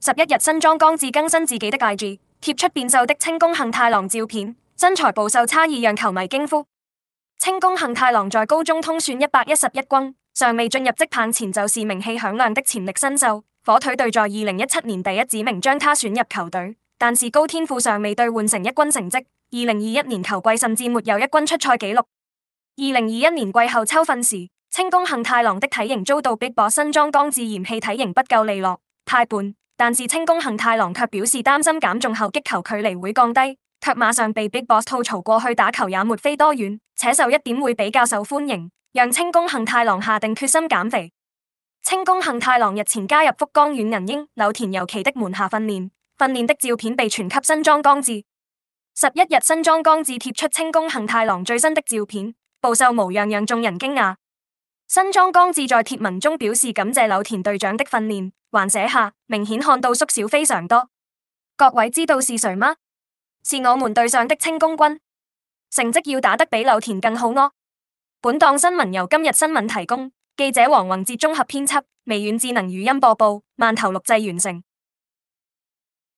十一日，新莊剛志更新自己的 IG，貼出變瘦的清宮幸太郎照片，身材暴瘦差異讓球迷驚呼。清宮幸太郎在高中通算一百一十一軍，尚未進入職棒前，就是名氣響亮的潛力新秀。火腿隊在二零一七年第一指名將他選入球隊，但是高天賦尚未兌換成一軍成績。二零二一年球季甚至沒有一軍出賽紀錄。二零二一年季後秋訓時，清宮幸太郎的體型遭到逼迫，新莊剛志嫌棄體型不夠利落，太胖。但是清宮幸太郎卻表示擔心減重後擊球距離會降低，卻馬上被 Big Boss 吐槽過去打球也沒飛多遠，且瘦一點會比較受歡迎，讓清宮幸太郎下定決心減肥。清宮幸太郎日前加入福岡軟銀鷹柳田由其的門下訓練，訓練的照片被傳給新莊剛志。十一日，新莊剛志貼出清宮幸太郎最新的照片，暴瘦模樣讓眾人驚訝。新莊剛志在貼文中表示感謝柳田隊長的訓練，還寫下明顯看到縮小非常多。各位知道是誰嗎？是我們隊上的清宮軍，成績要打得比柳田更好哦。本檔新聞由今日新聞提供，記者黃宏哲綜合編輯，微軟智能語音播報，萬頭錄製完成。